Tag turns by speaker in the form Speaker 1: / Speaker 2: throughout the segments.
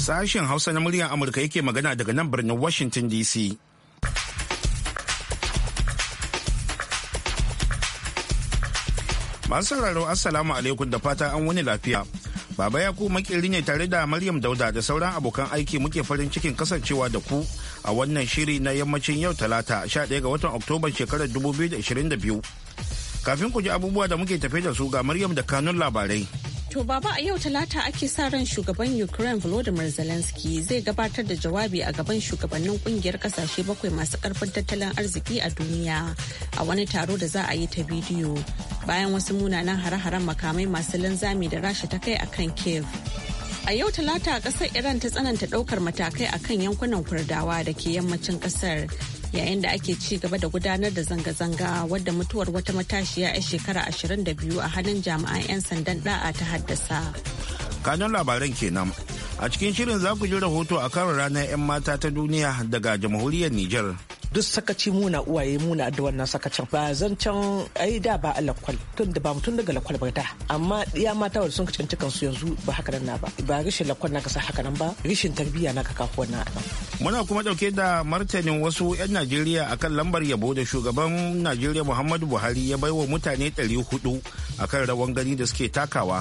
Speaker 1: Sashen Hausa na muryar Amurka yake magana daga nan birnin Washington DC. Masu sauraro Assalamu alaikum da fata an wani lafiya. Baba Yaku makeri ne tare da Maryam Dauda da sauran abokan aiki muke farin cikin kasancewa da ku a wannan shiri na yammacin yau talata 11 ga watan Oktoba shekarar 2022. Kafin ku ji abubuwa da muke tafe da su ga Maryam da kanun labarai.
Speaker 2: To baba a yau talata ake sa ran shugaban Ukraine Volodymyr Zelensky zai gabatar da jawabi a gaban shugabannin kungiyar kasashe bakwai masu karfin tattalin arziki a duniya a wani taro da za a yi ta bidiyo bayan wasu munanan hare-haren makamai masu linzami da rasha ta kai akan Kiev. A yau talata kasar Iran ta tsananta daukar matakai akan yankunan kurdawa da ke yammacin kasar yayin da ake ci gaba da gudanar da zanga-zanga wadda mutuwar wata matashiya a shekara 22 a hannun jami'an 'yan sandan da'a ta haddasa.
Speaker 1: kanun labaran kenan a cikin shirin za ku ji rahoto a kan ranar 'yan mata ta duniya daga jamhuriyar Nijar.
Speaker 3: duk sakaci muna uwaye muna da wannan sakacin ba zan can ai da ba a lakwal tun ba mutum daga lakwal ba da amma ya mata wasu sun ka canci yanzu ba haka nan na ba ba rishin lakwal na kasa haka nan ba rishin tarbiyya na ka na a
Speaker 1: Muna kuma ɗauke da martanin wasu 'yan Najeriya akan lambar yabo da shugaban Najeriya Muhammadu Buhari ya baiwa mutane 400 akan rawan gani da suke takawa.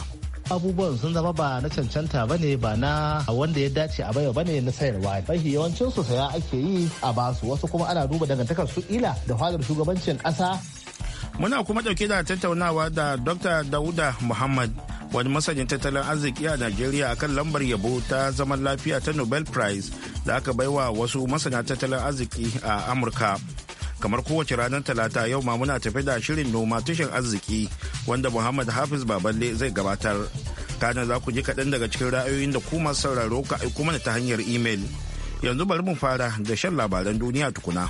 Speaker 4: abubuwan sun zama ba na cancanta ba ne ba na wanda ya dace a baiwa ba ne na sayarwa mafi yawancin su saya ake yi a basu wasu kuma ana duba dangantakar su ila da fadar shugabancin ƙasa.
Speaker 1: muna kuma ɗauke da tattaunawa da dr dauda muhammad wani masanin tattalin arziki a najeriya akan lambar yabo ta zaman lafiya ta nobel prize da aka baiwa wasu masana tattalin arziki a amurka kamar kowace ranar talata yau ma muna tafi da shirin noma tushen arziki wanda muhammad hafiz baballe zai gabatar kana za ku ji kaɗan daga cikin ra'ayoyin da kuma sauraro ka aiko mana ta hanyar imel yanzu bari mu fara da shan labaran duniya tukuna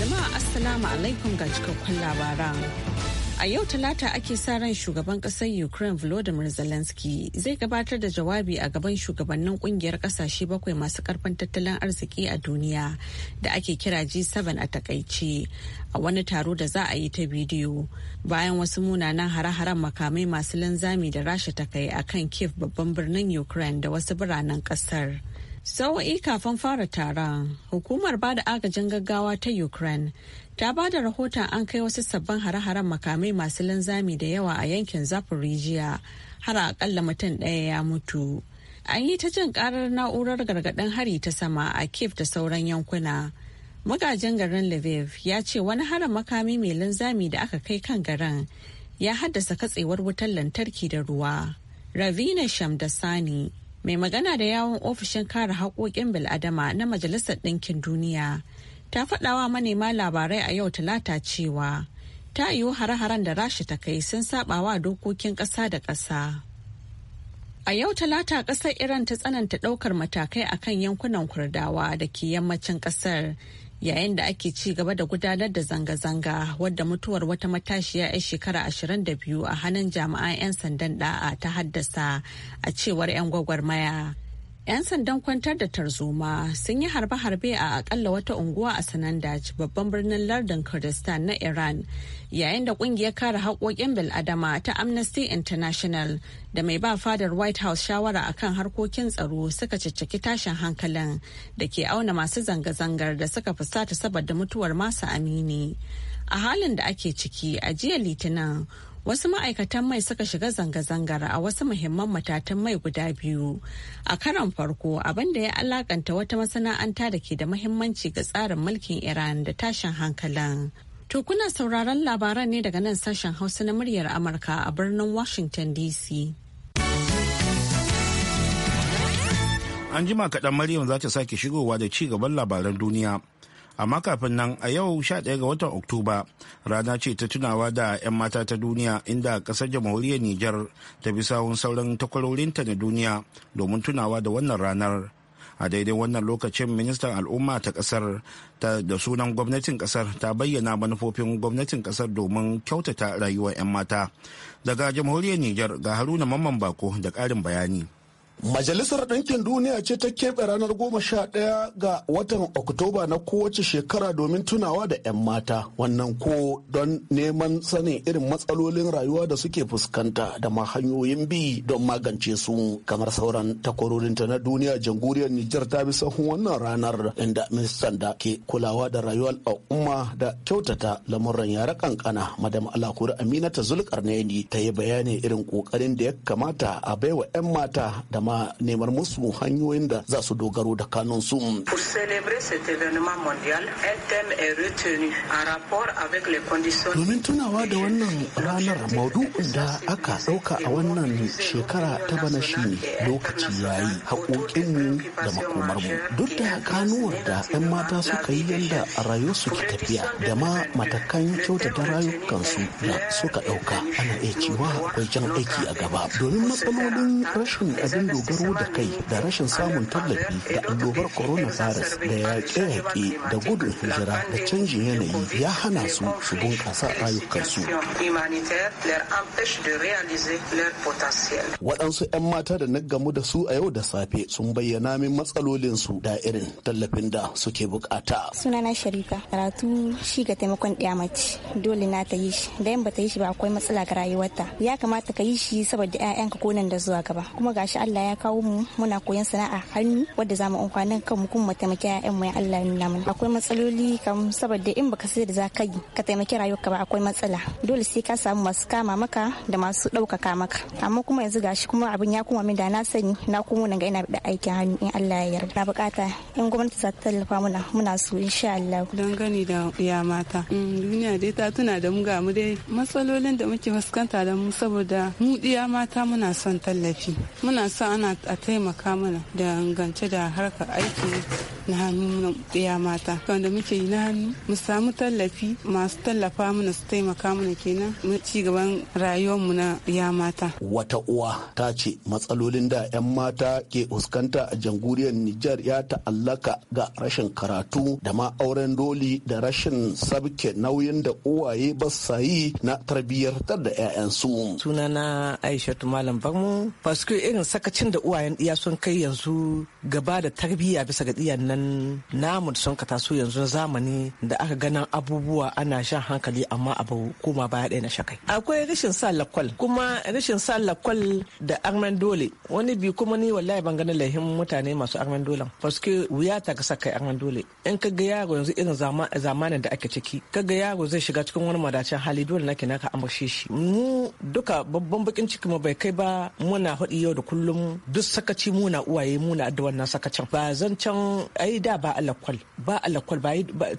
Speaker 2: jama'a assalamu alaikum ga cikakkun labaran A yau Talata ake sa ran shugaban ƙasar Ukraine Volodymyr Zelensky zai gabatar da jawabi a gaban shugabannin kungiyar ƙasashe bakwai masu ƙarfin tattalin arziki a duniya da ake kira G7 a takaice a wani taro da za a yi ta bidiyo bayan wasu munanan hare-haren makamai masu linzami da rasha ta kai a kan Kiev babban birnin Ukraine da wasu biranen ƙasar. Sawa'i kafin fara taron, hukumar bada agajin gaggawa ta Ukraine ta ba da rahoton an kai wasu sabbin hare-haren makamai masu linzami da yawa a yankin Zaporijiya har akalla mutum ɗaya ya mutu. An yi ta jin karar na'urar gargaɗin hari ta sama a Kiev da sauran yankuna. Magajin garin Lviv ya ce wani harin makami mai linzami da aka kai kan garin ya haddasa katsewar wutar lantarki da ruwa. Ravina Shamdasani mai magana da yawon ofishin kare haƙoƙin bil'adama na majalisar ɗinkin duniya ta faɗawa manema labarai a yau talata cewa ta yiwu hare-haren da rashi ta kai sun wa dokokin ƙasa da ƙasa a yau talata ƙasar iran ta tsananta ɗaukar matakai akan yankunan kurdawa da ke yammacin ƙasar yayin da ake ci gaba da gudanar da zanga-zanga wadda mutuwar wata matashiya 'yan shekara 22 a hannun jami'an 'yan sandan da'a ta haddasa a cewar 'yan gwagwarmaya. 'Yan sandan kwantar da tarzoma sun yi harbe-harbe a akalla wata unguwa a Sanandaj babban birnin lardin Kurdistan na Iran yayin da kungiyar kare haƙoƙin bil'adama ta Amnesty International da mai ba fadar White House shawara akan harkokin tsaro suka cicciki tashin hankalin da ke auna masu zanga-zangar da suka fusata saboda mutuwar masu amini. A halin da ake ciki a jiya Litinin wasu ma'aikatan mai suka shiga zanga-zangar a wasu muhimman matatan mai guda biyu a karon farko abin da ya alakanta wata masana'anta da ke da muhimmanci ga tsarin mulkin iran da tashin hankalin to sauraron labaran ne daga nan sashen hausa na muryar amurka a birnin washington dc
Speaker 1: an jima kaɗan maryam za ta sake shigowa da ci gaban labaran duniya amma kafin nan a yau 11 ga watan oktoba rana ce ta tunawa da 'yan mata ta duniya inda kasar jamhuriyar niger ta bi sawun sauran takwarorinta na duniya domin tunawa da wannan ranar a daidai wannan lokacin ministan al'umma ta kasar da sunan gwamnatin kasar ta bayyana manufofin gwamnatin kasar domin kyautata rayuwar 'yan mata daga jamhuriyar niger ga haruna mamman bako da ƙarin bayani Majalisar Ɗinkin Duniya ce ta keɓe
Speaker 5: ranar goma sha ɗaya ga watan Oktoba na kowace shekara domin tunawa da 'yan mata wannan ko don neman sanin irin matsalolin rayuwa da suke fuskanta da ma hanyoyin bi don magance su kamar sauran takwarorinta na duniya jamhuriyar Nijar ta bi sahun wannan ranar inda ministan da ke kulawa da rayuwar al'umma da kyautata lamuran yara kankana madam ta Aminata Zulkarnaini ta yi bayani irin kokarin da ya kamata a baiwa 'yan mata da ma neman musu hanyoyin da za su dogaro da kanunsu. Pour
Speaker 3: célébrer cet événement mondial, un thème est retenu en rapport avec les conditions. Domin
Speaker 5: tunawa da wannan ranar maudu'in da aka ɗauka a wannan shekara ta bana shi lokaci yayi haƙoƙinmu da makomarmu. Duk
Speaker 4: da kanuwar
Speaker 5: da 'yan mata suka yi yadda rayuwarsu ke tafiya da ma matakan kyautata rayukansu da suka ɗauka ana iya cewa akwai jan aiki a gaba domin matsalolin rashin abin dogaro da kai da rashin samun tallafi da annobar coronavirus da yaƙe-yaƙe da gudun hijira da canjin yanayi ya hana su su bunƙasa ayyukansu. Waɗansu 'yan mata da na gamu da su a yau da safe sun bayyana min matsalolin su da irin tallafin da suke bukata.
Speaker 2: Sunana Sharifa, karatu shi ga taimakon ɗaya mace dole na ta yi shi, da yan bata yi shi ba akwai matsala ga rayuwarta. Ya kamata ka yi shi saboda 'ya'yanka ko nan da zuwa gaba, kuma gashi Allah ya kawo mu muna koyon sana'a hannu wadda mu amfanin kanmu kuma mu taimaki yan ya Allah ya nuna mana akwai matsaloli kam saboda in baka sai da za ka yi ka taimaki rayuwarka ba akwai matsala dole sai ka samu masu kama maka da masu ɗaukaka maka amma kuma yanzu gashi kuma abin ya kuma min da na sani na kuma nan ga ina da aikin hannu in Allah ya yarda na bukata in gwamnati za ta tallafa muna muna so insha Allah don gani da ya mata
Speaker 6: mm, duniya dai ta tuna da mu ga mu dai matsalolin da muke fuskanta da mu saboda mu diya mata muna son tallafi muna son ana a taimaka mana da dangance da harkar aiki na hannu ɗaya mata wanda muke yi na hannu mu samu tallafi masu tallafa mana su taimaka mana kenan mu ci gaban mu na yamata.
Speaker 5: mata wata uwa ta ce matsalolin da 'yan mata ke fuskanta a jamhuriyar nijar ya ta'allaka ga rashin karatu da ma auren doli da rashin sabke nauyin da uwaye ba sa yi na tarbiyyar da 'ya'yansu
Speaker 3: sunana aishatu malam bagmu fasku irin sakacin lokacin da uwayen iya sun kai yanzu gaba da tarbiyya bisa ga iyan nan namu da sun yanzu zamani da aka ganin abubuwa ana shan hankali amma abu koma baya ɗaya na shakai akwai rashin sa lakwal kuma rashin sa lakwal da armen dole wani bi kuma ni wallahi ban ganin lahin mutane masu armen dolen paske wuya ta ka kai armen dole in ka ga yaro yanzu irin zamanin da ake ciki ka ga yaro zai shiga cikin wani madacin hali dole nake naka amshe shi mu duka babban bakin ciki mu bai kai ba muna hudi yau da kullum duk sakaci muna uwaye muna da wannan sakacin ba zancen ai da ba alakwal ba alakwal ba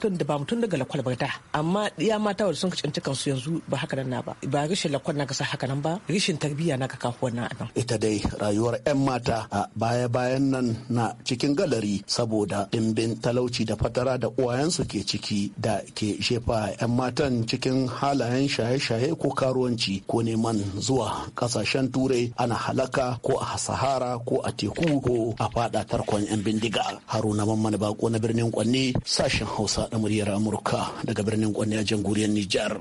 Speaker 3: tun da ba mutun daga lakwal ba da amma iya mata wanda sun kacanci kansu yanzu ba haka nan na ba ba rashin lakwal na ga sa haka nan ba rashin tarbiyya na ka kawo wannan anan
Speaker 5: ita dai rayuwar yan mata a baya bayan nan na cikin galari saboda dimbin talauci da fatara da uwayensu ke ciki da ke shefa yan matan cikin halayen shaye-shaye ko karuwanci ko neman zuwa kasashen turai ana halaka ko a sahara ko a teku ko a fada tarkon yan bindiga haruna mamman bako na birnin kwanne sashen hausa na muryar amurka daga birnin kwanne
Speaker 1: a jamhuriyar nijar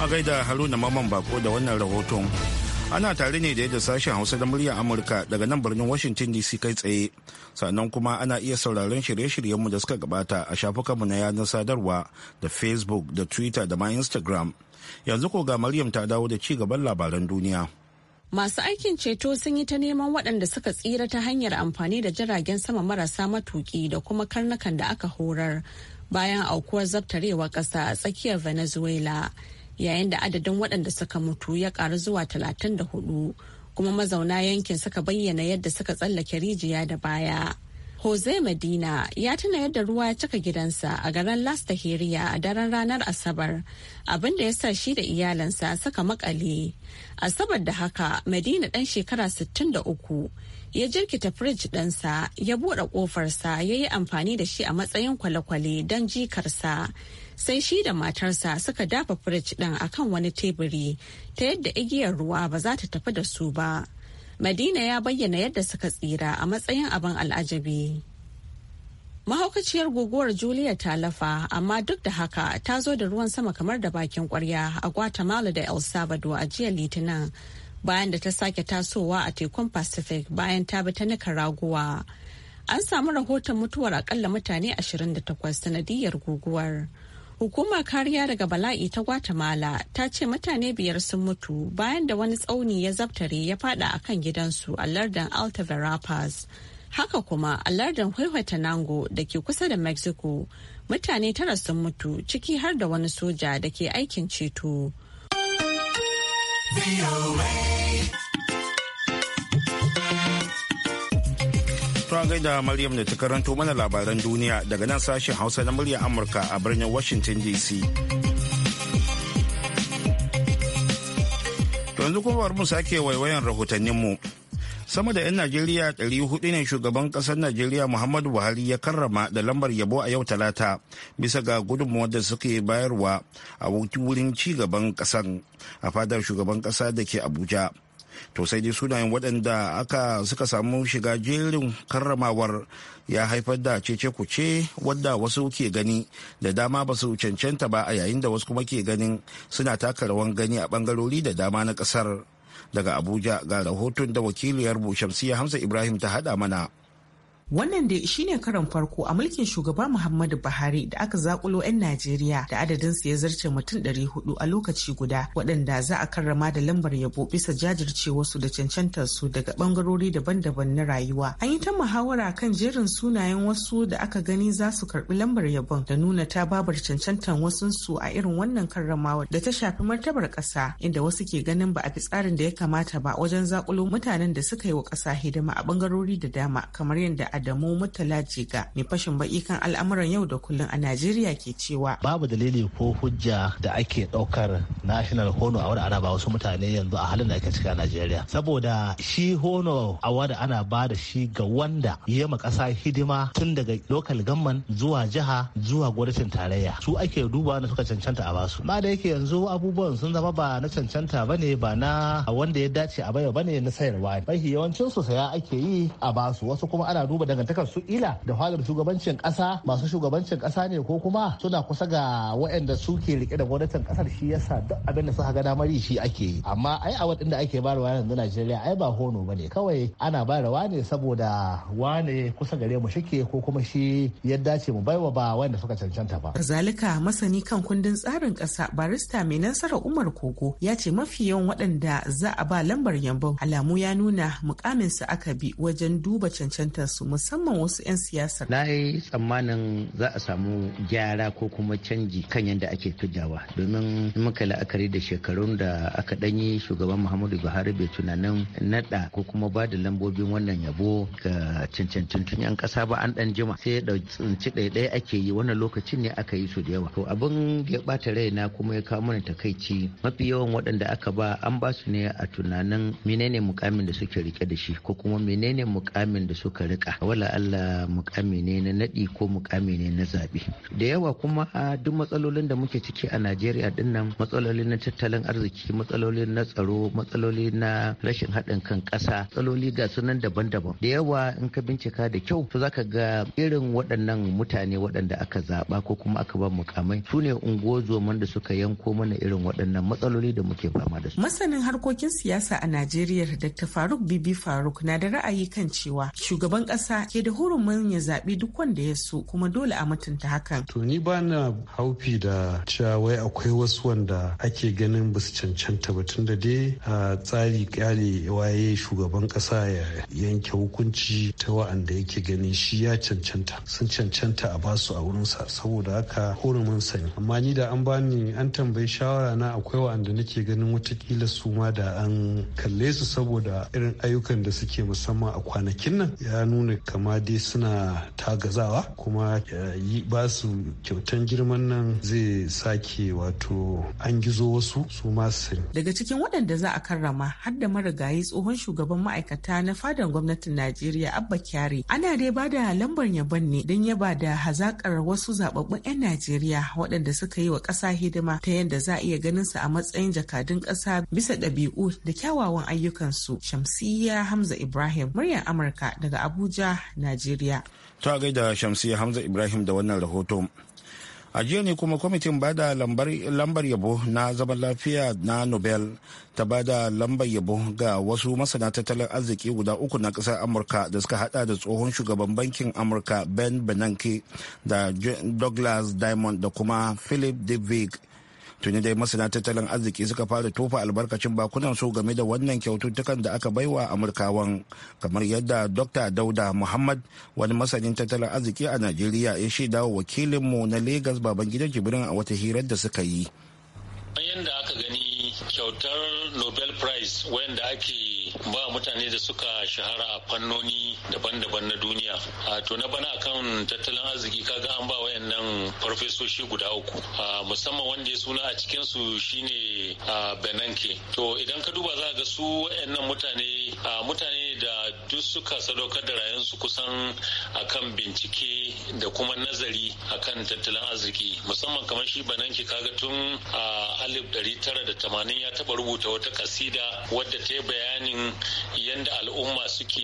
Speaker 1: a gaida haruna mamman bako da wannan rahoton ana tare ne da yadda sashen hausa da muryar amurka daga nan birnin washington dc kai tsaye sannan kuma ana iya sauraron shirye-shiryenmu da suka gabata a shafukanmu na yanar sadarwa da facebook da twitter da ma instagram Yanzu ko ga Maryam ta dawo da ci gaban labaran duniya.
Speaker 2: Masu aikin ceto sun yi ta neman waɗanda suka tsira ta hanyar amfani da jiragen sama marasa matuki da kuma karnukan da aka horar bayan aukuwar zabtarewar ƙasa a tsakiyar Venezuela yayin da adadin waɗanda suka mutu ya ƙaru zuwa talatin da hudu kuma mazauna yankin suka bayyana yadda suka tsallake rijiya da baya. Jose Medina ya tuna yadda ruwa ya cika gidansa a garin Las Tahiriya a daren ranar Asabar, abin da ya sa shi da iyalansa saka makale. Asabar da haka Medina ɗan shekara 63 ya jirkita firij ɗinsa ya buɗe ƙofarsa ya yi amfani da shi a matsayin kwale-kwale don jikarsa. Sai shi da matarsa suka dafa firij ɗin akan wani teburi ta yadda igiyar ruwa ba za ta tafi da su ba. Madina ya bayyana yadda suka tsira a matsayin abin al'ajabi. Mahaukaciyar guguwar Julia ta lafa, amma duk da haka ta zo da ruwan sama kamar da bakin kwarya a Guatemala da El Salvador a jiya Litinin, bayan da ta sake tasowa a tekun Pacific bayan ta bi ta Nicaragua. An samu rahoton mutuwar akalla mutane 28 sanadiyar guguwar. Hukumar kariya daga bala'i ta Guatemala ta ce mutane biyar sun mutu bayan da wani tsauni ya zabtare ya fada a kan gidansu a lardin Alta Verapaz. Haka kuma a lardin Huehuetenango da ke kusa da Mexico mutane tara sun mutu ciki har da wani soja da ke aikin ceto.
Speaker 1: a gaida Maryam da ta karanto mana labaran duniya daga nan sashen Hausa na murya Amurka a birnin Washington DC. yanzu kuma bari mu sake waiwayan rahotanninmu. Sama da 'yan Najeriya 400 ne shugaban ƙasar Najeriya Muhammadu Buhari ya karrama da lambar yabo a yau talata bisa ga gudunmuwar da suke bayarwa a wurin ci gaban ƙasar a fadar shugaban ƙasa da ke Abuja. to sai dai sunayen waɗanda aka suka samu shiga jerin karramawar ya haifar da cece kuce wadda wasu ke gani da dama ba su cancanta ba a yayin da wasu kuma ke ganin suna taka rawan gani a bangarori da dama na ƙasar daga abuja ga rahoton da wakiliyar shamsiya hamza ibrahim ta haɗa mana Wannan dai ne karan farko
Speaker 6: a mulkin shugaba Muhammadu Buhari da aka zakulo 'yan Najeriya da adadin su ya zarce mutum 400 a lokaci guda waɗanda za a karrama da lambar yabo bisa jajircewarsu da cancantar su daga bangarori daban-daban na rayuwa. An yi ta muhawara kan jerin sunayen wasu da aka gani za su karbi lambar yabon da nuna ta babar cancantar wasun su a irin wannan karramawa da ta shafi martabar ƙasa inda wasu ke ganin ba a fi tsarin da ya kamata ba wajen zakulo mutanen da suka yi wa ƙasa hidima a bangarori da dama kamar yadda Adamu Murtala Jiga mai
Speaker 4: fashin baki kan al'amuran yau da kullum a Najeriya ke cewa. Babu dalili ko hujja da ake ɗaukar National Hono a wani ana ba wasu mutane yanzu a halin da ake cika a Najeriya. Saboda shi Hono a ana ba da shi ga wanda ya ma ƙasa hidima tun daga lokal gamman zuwa jiha zuwa gwamnatin tarayya. Su ake duba na suka cancanta a basu. Ma da yake yanzu abubuwan sun zama ba na cancanta ba ne ba na wanda ya dace a baiwa ba ne na sayarwa. Mahi yawancin su saya ake yi a basu wasu kuma ana duba dangantakar su ila da fadar shugabancin kasa masu shugabancin kasa ne ko kuma suna kusa ga waɗanda suke rike da gwamnatin kasar shi yasa duk abin da suka ga damar shi ake yi amma ai a wadin da ake bayarwa yanzu Najeriya ai ba hono bane kawai ana bayarwa ne saboda wane kusa gare mu shike ko kuma shi ya dace mu baiwa ba wanda suka cancanta ba
Speaker 6: kazalika masani kan kundin tsarin kasa barista mai nasara Umar koko ya ce mafi yawan waɗanda za a ba lambar yambon alamu ya nuna mukamin su aka bi wajen duba cancantar su musamman wasu 'yan siyasa.
Speaker 7: Na yi tsammanin za a samu gyara ko kuma canji kan yadda ake fidawa domin muka la'akari da shekarun da aka ɗanyi shugaban Muhammadu Buhari bai tunanin naɗa ko kuma ba da lambobin wannan yabo ga tun 'yan ƙasa ba an ɗan jima sai da tsinci ɗaiɗai ake yi wannan lokacin ne aka yi su da yawa. To abin ya ɓata na kuma ya kawo mana takaici mafi yawan waɗanda aka ba an ba su ne a tunanin menene mukamin da suke rike da shi ko kuma menene mukamin da suka rika wala Allah mukami ne na naɗi ko mukami ne na zaɓe. Da yawa kuma duk matsalolin da muke ciki a Najeriya din nan matsaloli na tattalin arziki, matsaloli na tsaro, matsaloli na rashin haɗin kan ƙasa, matsaloli ga sunan daban-daban. Da yawa in ka bincika da kyau to zaka ga irin waɗannan mutane waɗanda aka zaɓa ko kuma aka ba mukamai su ne ungozoman da suka yanko mana irin waɗannan matsaloli da muke fama da su.
Speaker 6: Masanin harkokin siyasa a Najeriya Dr. Faruk Bibi Faruk na da ra'ayi kan cewa shugaban ƙasa ke da hurumin ya zaɓi duk wanda ya so kuma dole a mutunta hakan. To
Speaker 5: ni ba na haufi da cewa wai akwai wasu wanda ake ganin ba su cancanta ba tunda dai a tsari kyale waye shugaban kasa ya yanke hukunci ta wa'anda yake ganin shi ya cancanta sun cancanta a basu a wurin sa saboda haka hurumin sani amma ni da an bani an tambayi shawara na akwai wa'anda nake ganin watakila su ma da an kalle su saboda irin ayyukan da suke musamman a kwanakin nan ya nuna kama dai suna tagazawa kuma eh, yi ba su kyautan girman nan zai sake wato an gizo wasu su masu
Speaker 6: Daga cikin waɗanda za a karrama har da marigayi tsohon shugaban ma'aikata na fadar gwamnatin Najeriya Abba Kyari ana dai ba da lambar yabon ne don yaba da hazakar wasu zababbun 'yan Najeriya waɗanda suka yi wa ƙasa hidima ta yadda za a iya ganin su a matsayin jakadun ƙasa bisa ɗabi'u da kyawawan ayyukansu. Shamsiyya Hamza Ibrahim muryar Amurka daga Abuja Najeriya.
Speaker 1: Ta gaida shamsi Hamza Ibrahim da wannan rahoto. a jiya ne kuma kwamitin bada lambar yabo na zaman lafiya na nobel ta bada lambar yabo ga wasu masana tattalin arziki guda uku na kasar amurka da suka hada da tsohon shugaban bankin amurka ben bernanke da douglas diamond da kuma philip divick tuni dai masana tattalin arziki suka fara tofa albarkacin bakunan su game da wannan kyaututtukan da aka baiwa amurkawan kamar yadda dr dauda muhammad wani masanin tattalin arziki a najeriya ya shaida wa wakilinmu na lagos gidan jibrin a wata hirar da suka yi
Speaker 8: yadda aka gani kyautar nobel prize wanda ake ba mutane da suka shahara a fannoni daban-daban na duniya a to na bana kan tattalin arziki kaga an ba wayannan farfesoshi guda uku musamman wanda ya suna a cikinsu shine shine benanke to idan ka duba za ga su wayannan mutane mutane da duk suka sadaukar da rayansu kusan akan bincike da kuma nazari akan tattalin arziki musamman kamar shi bananki kaga tun a alif tara da tamanin ya taba rubuta wata kasida wadda ta yi bayanin yanayin yanda al'umma suke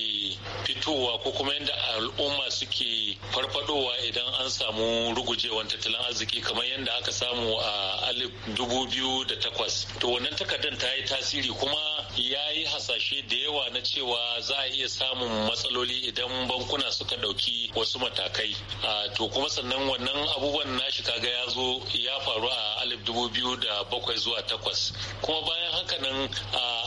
Speaker 8: fitowa ko kuma yadda al'umma suke farfadowa idan an samu rugujewan tattalin arziki kamar yadda aka samu a alif dubu da takwas to wannan takardar ta yi tasiri kuma ya yi hasashe da yawa na cewa za a iya samun matsaloli idan bankuna suka ɗauki wasu matakai to kuma sannan wannan abubuwan nashi kaga ya zo ya faru a alif dubu biyu da bakwai zuwa takwas kuma bayan haka nan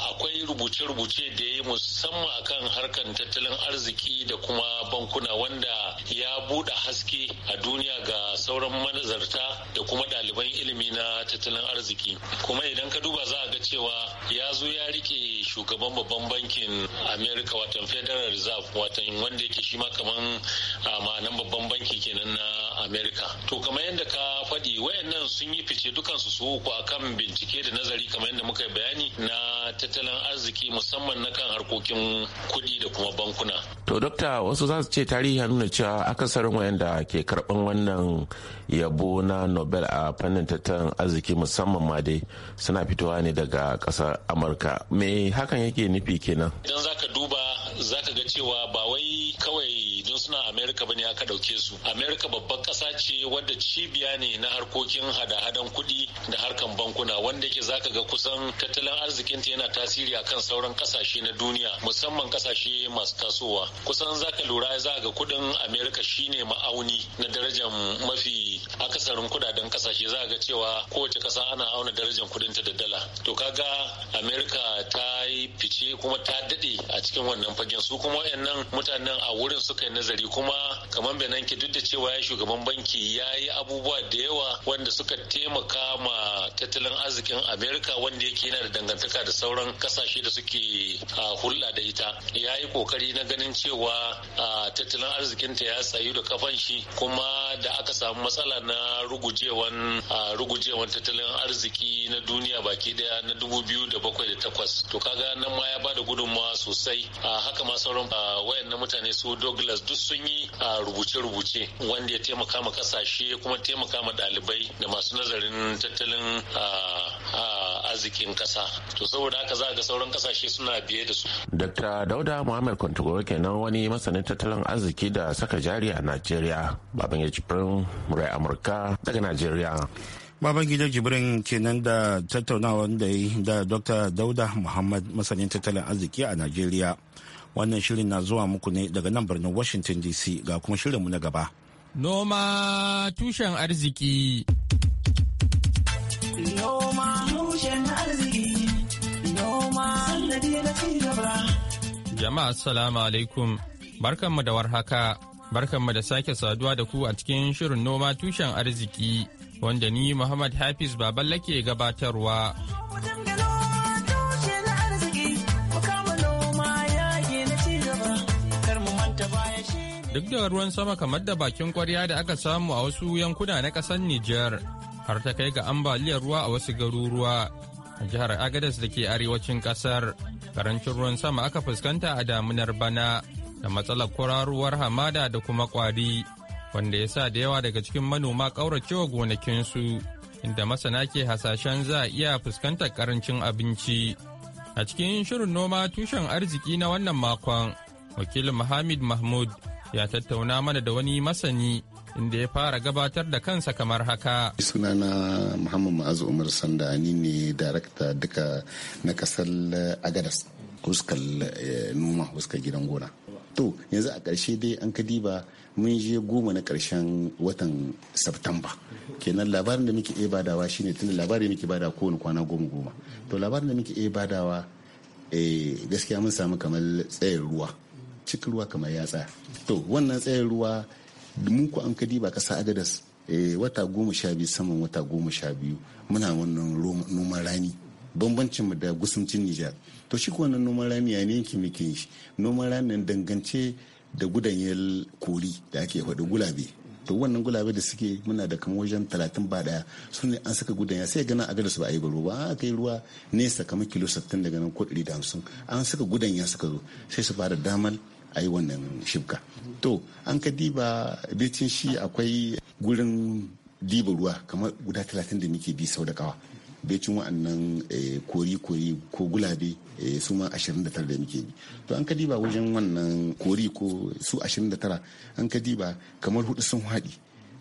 Speaker 8: akwai rubuce-rubuce da ya yi musamman kan harkar tattalin arziki da kuma bankuna wanda ya buɗe haske a duniya ga sauran manazarta da kuma ɗaliban ilimi na tattalin arziki kuma idan ka duba za a ga cewa ya zo ya rike yake shugaban babban bankin america watan federal reserve watan wanda yake shi ma kaman ah, ma'anan babban banki kenan na america to kamar yadda ka wayannan sun yi fice dukansu su uku akan bincike da nazari kamar yadda muka bayani na tattalin arziki musamman na kan harkokin kuɗi da kuma bankuna
Speaker 1: to dokta wasu za su ce tarihi ya nuna cewa akasarin wayanda ke karɓar wannan yabo na nobel a fannin tattalin arziki musamman ma dai suna fitowa ne daga ƙasar amurka me hakan yake nufi kenan idan zaka duba zaka ga cewa ba wai
Speaker 8: kawai yanzu suna ba bane aka dauke su amerika babban kasa ce wadda cibiya ne na harkokin hada-hadan kuɗi da harkan bankuna wanda ke zaka ga kusan tattalin arzikinta yana tasiri akan sauran kasashe na duniya musamman kasashe masu tasowa kusan zaka lura za ga kuɗin amerika shine ma'auni na darajar mafi akasarin kudaden kasashe za ga cewa kowace kasa ana auna darajar ta da dala to kaga amerika ta yi fice kuma ta daɗe a cikin wannan fagen su kuma wayannan mutanen a wurin suka yi nazari kuma kamar benanke duk da cewa ya shugaban banki ya yi abubuwa da yawa wanda suka taimaka ma tattalin arzikin amerika wanda yake yana da dangantaka da sauran kasashe da suke hulɗa da ita ya yi kokari na ganin cewa tattalin arzikinta ya tsayu da kafan shi kuma da aka samu matsala na rugujewan rugujewan tattalin arziki na duniya baki daya na dubu biyu da bakwai da takwas to kaga nan ma ya bada gudunmawa sosai haka ma sauran wayannan mutane su douglas duk sun yi a rubuce-rubuce wanda ya taimaka ma kasashe kuma taimaka ma ɗalibai da masu nazarin tattalin arzikin kasa to saboda haka za ga sauran kasashe suna biye da su.
Speaker 1: Dr. Dauda Muhammad Kwantogoro kenan wani masanin tattalin arziki da saka jari a Najeriya baban ya murai Amurka daga Najeriya. Babangida Jibrin kenan da tattaunawar da yi da Dr. Dauda Muhammad masanin tattalin arziki a Najeriya. Wannan shirin na zuwa muku ne daga nan birnin Washington DC ga kuma shirin shirinmu na gaba.
Speaker 9: Noma tushen arziki. Noma
Speaker 10: tushen arziki. Noma
Speaker 9: Jama'a salamu alaikum. Barkanmu da warhaka. Barkanmu da sake saduwa da ku a cikin shirin noma tushen arziki. wanda ni Muhammad Hafiz baballe ke gabatarwa. Duk da ruwan sama kamar da bakin kwarya da aka samu a wasu yankuna na ƙasar Nijar, har ta kai ga ambaliyar ruwa a wasu garuruwa. A jihar Agadez da ke arewacin ƙasar, karancin ruwan sama aka fuskanta a damunar bana da matsalar kwararuwar hamada da kuma kwari. wanda ya sa da yawa daga cikin manoma ƙauracewa gonakinsu inda masana ke hasashen za a iya fuskantar ƙarancin abinci. A cikin shirin noma tushen arziki na wannan makon, wakilin Muhammad Mahmud ya tattauna mana da wani masani inda ya fara gabatar da kansa kamar haka.
Speaker 10: Sunana Muhammad Ma'azu Umar Sanda ni ne darakta duka na kasar Agadas, huskar eh, noma, huskar gidan gona. To, yanzu a ƙarshe dai an ka diba mun je goma na karshen watan Septamba. Kenan labarin da muke iya badawa shine tunda labarin da muke badawa kowane kwana goma goma. To labarin da muke iya badawa eh, gaskiya mun samu kamar tsayin ruwa. Cikin ruwa kamar ya tsaya. To wannan tsayin ruwa mun ku an ka diba kasa agadas eh, wata goma sha biyu saman wata goma sha biyu muna wannan noman rani bambancinmu da gusuncin nijar to shi wannan noman rani ya ne yanki muke shi noman rani dangance da gudanyen kori da ake faɗi gulabe to wannan gulabe da suke muna da kamar wajen talatin ba daya su ne an saka gudanya sai gana a gada su ba a yi ba ruwa a kai ruwa nesa kamar kilo sattin daga nan ko ɗari da hamsin an saka gudanya suka zo sai su fara damar a yi wannan shibka to an ka diba bicin shi akwai gurin diba ruwa kamar guda talatin da muke bi sau da kawa becin wa'annan eh, kori-kori ko gulabe eh, su ma 29 da muke bi to an ka ba wajen wannan kori ko su 29 an ka ba kamar hudu sun haɗi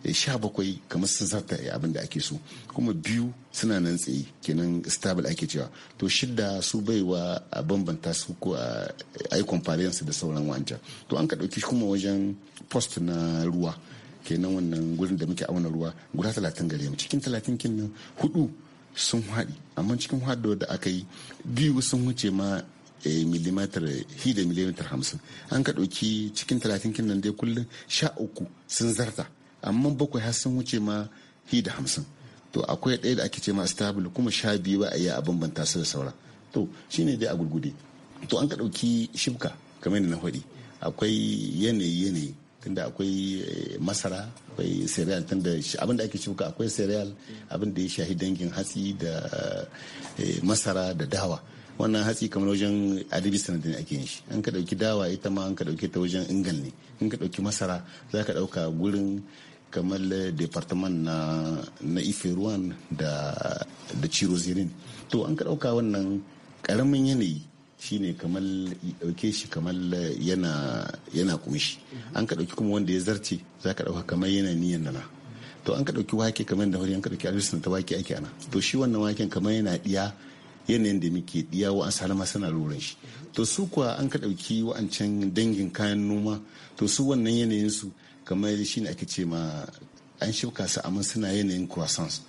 Speaker 10: eh, sha bakwai kamar sun sarta abin da ake so kuma biyu suna nan tsaye kenan stable ake cewa to shidda su baiwa a bambanta su ko a yi compliance da sauran wancan to an ka kuma wajen post na ruwa kenan wannan gurin da muke auna ruwa guda talatin gare mu cikin talatin kin nan hudu sun haɗi amma cikin haɗo da aka yi biyu sun wuce ma eh, milimetar hi da milimetar hamsin an ka ɗauki cikin talatin nan dai kullum sha uku sun zarta amma bakwai har sun wuce ma hi da hamsin to akwai ɗaya da ake ce ma stable kuma sha biyu ba a yi a bambanta su da saura to shine dai a gurgude to an ka ɗauki shibka kamar yadda na faɗi akwai yanayi yanayi tunda akwai eh, masara akwai cereal tun da abin da ake shuka akwai cereal abin da ya shahi dangin hatsi da eh, masara da dawa wannan hatsi kamar wajen adibi sanadin ake yin shi an ka dauki dawa ita ma an ka ɗauki ta wajen ingal ne in ka dauki masara za ka dauka gurin kamar departament na na iferuwan da da cirozirin to an ka dauka wannan karamin yanayi Shi ne kamar dauke shi kamar yana kunshi an ka dauki kuma wanda ya zarce za ka dauka kamar yana niyan nana to an ka dauki wake kamar da an ka dauki alisun ta wake ake ana to shi wannan waken kamar yana diya yanayin da muke ɗiya wa asalama suna loran shi to su kuwa an ka dauki wa'ancan dangin kayan noma to su wannan yanayin su kamar shi ne ake ce ma an shuka su amma suna yanayin croissants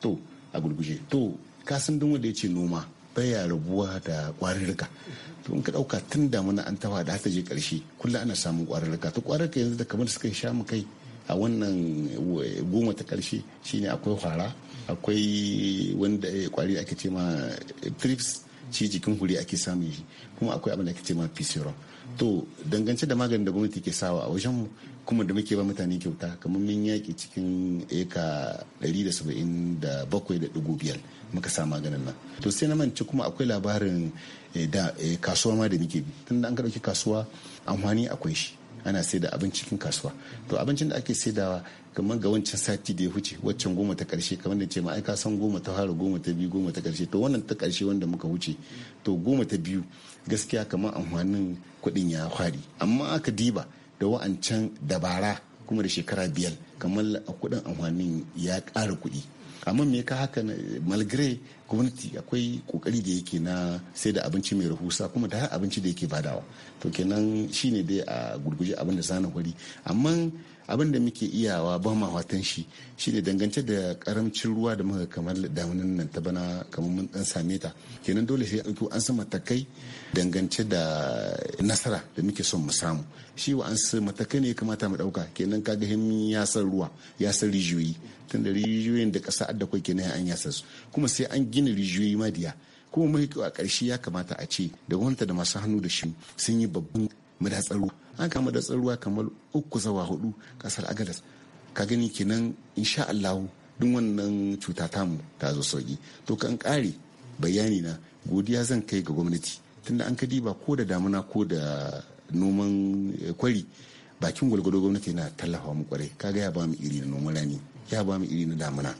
Speaker 10: to a gurguje to kasan dun wanda ya ce noma baya rabuwa da ƙwarurruka to in ka ɗauka tun damuna an tawa da ta je ƙarshe kullum ana samun ƙwarurruka to ƙwarurruka yanzu da kamar suka sha mu kai a wannan eh, goma ta karshe shine akwai hwara akwai wanda eh, kwari ake ce eh, trips shi jikin huri ake samun shi kuma akwai abin da ake ce ma to dangance da maganin da gwamnati ke sawa a wajen mu kuma da muke ba mutane kyauta kamar mun yaki cikin eka 177.5 muka sa maganin nan to sai na mance kuma akwai labarin eh, da eh, kasuwa ma da muke bi tunda an ka dauki kasuwa amfani akwai shi ana sai da abinci cikin kasuwa to abincin da ake saidawa kamar ga wancan sati da ya huce waccan goma ta karshe kamar da ce ma aika san goma ta fara goma ta biyu goma ta karshe to wannan ta karshe wanda muka huce to goma ta biyu gaskiya kamar amfanin kuɗin ya fari amma aka diba da wa'ancan dabara kuma da shekara biyar kamar kuɗin amfanin ya kara kuɗi amma me ka haka malgre gwamnati akwai kokari da yake na sai da abinci mai rahusa kuma da har abinci da yake badawa to kenan shine dai a gurguje abin da zana gwari amma abin da muke iyawa ba ma watan shi shine dangance da karamcin ruwa da muka kamar damunan nan ta bana kamar mun dan same ta kenan dole sai ɗauki an san matakai dangance da nasara da muke son mu samu shi wa an san matakai ne kamata mu ɗauka kenan kaga him ya san ruwa ya san rijiyoyi tun da rijiyoyin da ƙasa adda kai kenan an yasa su kuma sai an gina rijiyoyi madiya kuma mu a ƙarshe ya kamata a ce da wanta da masu hannu da shi sun yi babban madatsaro an kama da tsaruwa kamar uku zawa hudu kasar agadas ka gani kenan insha Allah duk wannan cuta ta mu ta zo sauki to kan kare bayani na godiya zan kai ga gwamnati tunda an ka diba ko da damuna ko da noman eh, kwari bakin gwalgwado gwamnati na tallafa mu kwarai kaga ya ba mu iri na noman rani ya ba mu iri na damuna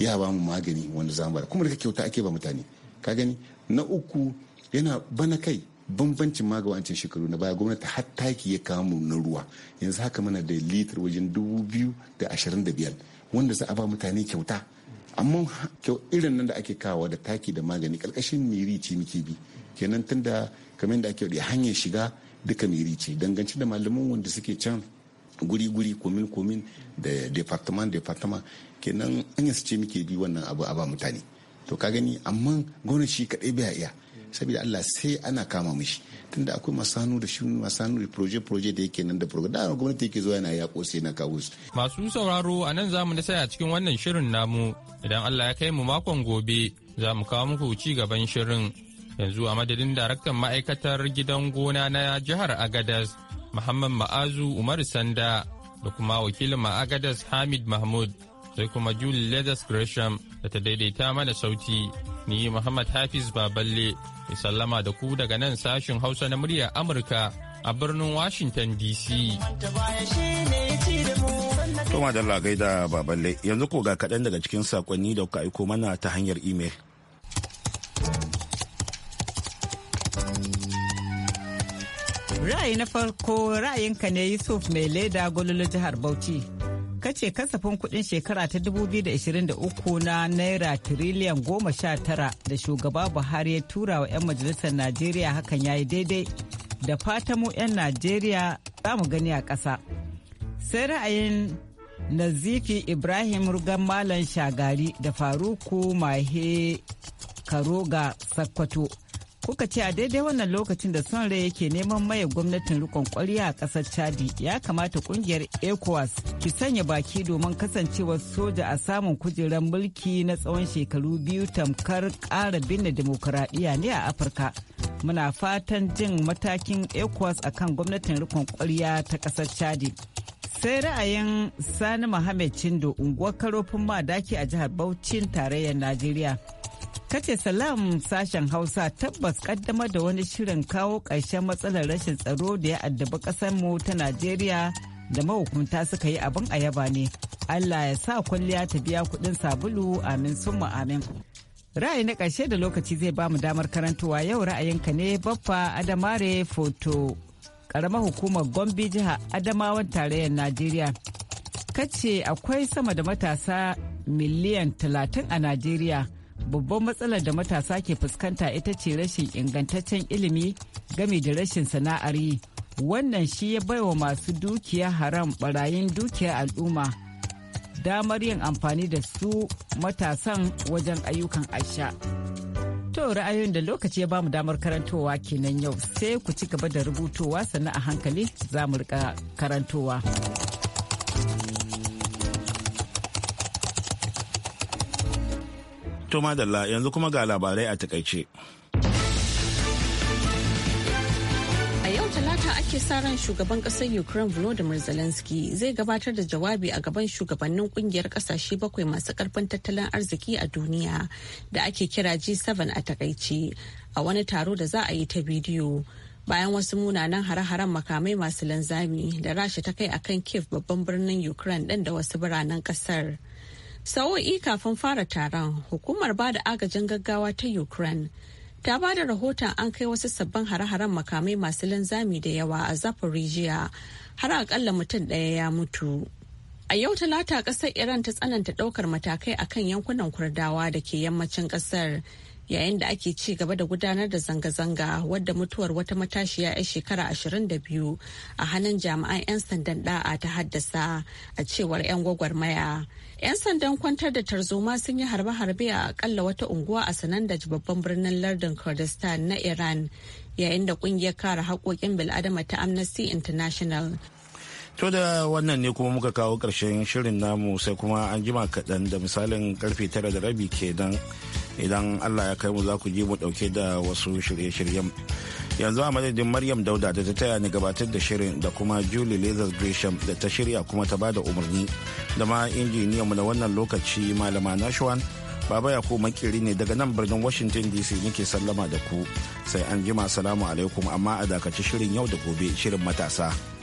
Speaker 10: ya ba mu magani wanda zamu bada kuma da kyauta ake ba mutane ka gani na uku yana bana kai bambancin ma wancan shekaru na baya gwamnati har taki ya kamu na ruwa yanzu haka mana da litar wajen dubu biyu da ashirin da biyar wanda za a ba mutane kyauta amma irin nan da ake kawo da taki da magani karkashin miri ce muke bi kenan tunda kamar da ake da hanyar shiga duka miri ce dangance da malaman wanda suke can guri-guri komin-komin da departement-departement kenan hanyar su ce muke bi wannan abu a ba mutane to ka gani amma gwamnati shi kaɗai bai iya saboda Allah sai ana kama mishi tunda akwai masu da shi masu da proje proje da yake nan da proje da gwamnati yake zuwa yana ya sai na kawo su
Speaker 9: masu sauraro a nan zamu da saya a cikin wannan shirin namu idan Allah ya kai mu makon gobe za mu kawo muku ci gaban shirin yanzu a madadin daraktan ma'aikatar gidan gona na jihar Agadas Muhammad Ma'azu Umar Sanda da kuma wakilin ma'agadas Hamid Mahmud sai kuma Julie Leathers Gresham da ta daidaita mana sauti ni Muhammad Hafiz Baballe Ki sallama da ku daga nan sashin Hausa na muryar Amurka a birnin Washington DC.
Speaker 1: Toma da lagai da baballe yanzu ko ga kaɗan daga cikin sakonni da kuka aiko mana ta hanyar imel.
Speaker 11: Ra'ayi na farko ra'ayinka ne Yusuf mai leda gololo jihar Bauchi. kace kasafin kudin shekara ta 2023 na naira tiriliyan goma sha tara da shugaba buhari ya tura wa 'yan majalisar najeriya hakan ya yi daidai da fata 'yan najeriya za mu gani a ƙasa sai ra'ayin nazifi ibrahim rugan malam shagari da faruku mahe karoga sakkwato kuka ce a daidai wannan lokacin da son rai yake neman maye gwamnatin rikon kwarya a kasar chadi ya kamata kungiyar ecowas ki sanya baki domin kasancewa soja a samun kujerar mulki na tsawon shekaru biyu tamkar kara binne demokuraɗiyya ne a afirka muna fatan jin matakin ecowas akan gwamnatin rikon kwarya ta kasar chadi sai ra'ayin sani mohammed chindo unguwar karofin madaki a jihar bauchin tarayyar najeriya ta ce salam sashen hausa tabbas kaddamar da wani shirin kawo ƙarshen matsalar rashin tsaro da ya addaba ƙasarmu ta najeriya da mahukunta suka yi abin yaba ne allah ya sa kwalliya ta biya kuɗin sabulu amin sun amin ra'ayi na karshe da lokaci zai ba mu damar karantowa yau ra'ayinka ne baffa adamare foto ƙaramar hukumar gombe jiha adamawan tarayyar najeriya kace akwai sama da matasa miliyan talatin a najeriya babban matsalar da matasa ke fuskanta ita ce rashin ingantaccen ilimi game da rashin sana'ar yi wannan shi ya baiwa masu dukiya haram barayin dukiya al'umma damar yin amfani da su matasan wajen ayyukan asha to ra'ayoyin da lokaci ya bamu damar karantowa kenan yau sai ku ci gaba da rubutowa sannan a hankali za mu rika karantowa.
Speaker 1: To madalla yanzu kuma ga labarai a takaice.
Speaker 2: A yau talata ake sa ran shugaban ƙasar Ukraine Volodymyr Zelensky zai gabatar da jawabi a gaban shugabannin kungiyar ƙasashe bakwai masu ƙarfin tattalin arziki a duniya da ake kira G7 a takaice a wani taro da za a yi ta bidiyo. bayan wasu munanan hare-haren makamai masu linzami da rasha ta kai akan kiev babban birnin ukraine ɗin da wasu biranen ƙasar. sa'o'i kafin fara taron hukumar ba da agajin gaggawa ta ukraine ta ba da rahoton an kai wasu sabbin hare-haren makamai masu linzami da yawa a zaporizhia har akalla mutum ɗaya ya mutu a yau talata ƙasar iran ta tsananta ɗaukar matakai akan yankunan kurdawa da ke yammacin ƙasar yayin da ake ci gaba da gudanar da zanga-zanga wadda mutuwar wata matashiya ya shekara 22 a hannun jami'an 'yan sandan da'a ta haddasa a cewar 'yan gwagwarmaya. 'yan sandan kwantar da tarzoma sun yi harbe-harbe a akalla wata unguwa a sanandaj babban birnin lardin kurdistan na iran yayin da kungiyar kare haƙoƙin bil'adama ta amnesty international
Speaker 1: To da wannan ne kuma muka kawo ƙarshen shirin namu sai kuma an jima kaɗan da misalin karfe tara da rabi kenan idan allah ya kai mu za ku ji mu dauke da wasu shirye-shiryen yanzu a madadin maryam dauda da ta taya ni gabatar da shirin da kuma julie lazar gresham da ta shirya kuma ta bada umarni da ma injiniyanmu na wannan lokaci malama nashwan baba ya makiri ne daga nan birnin washington dc nake sallama da ku sai an jima salamu alaikum amma a dakaci shirin yau da gobe shirin matasa.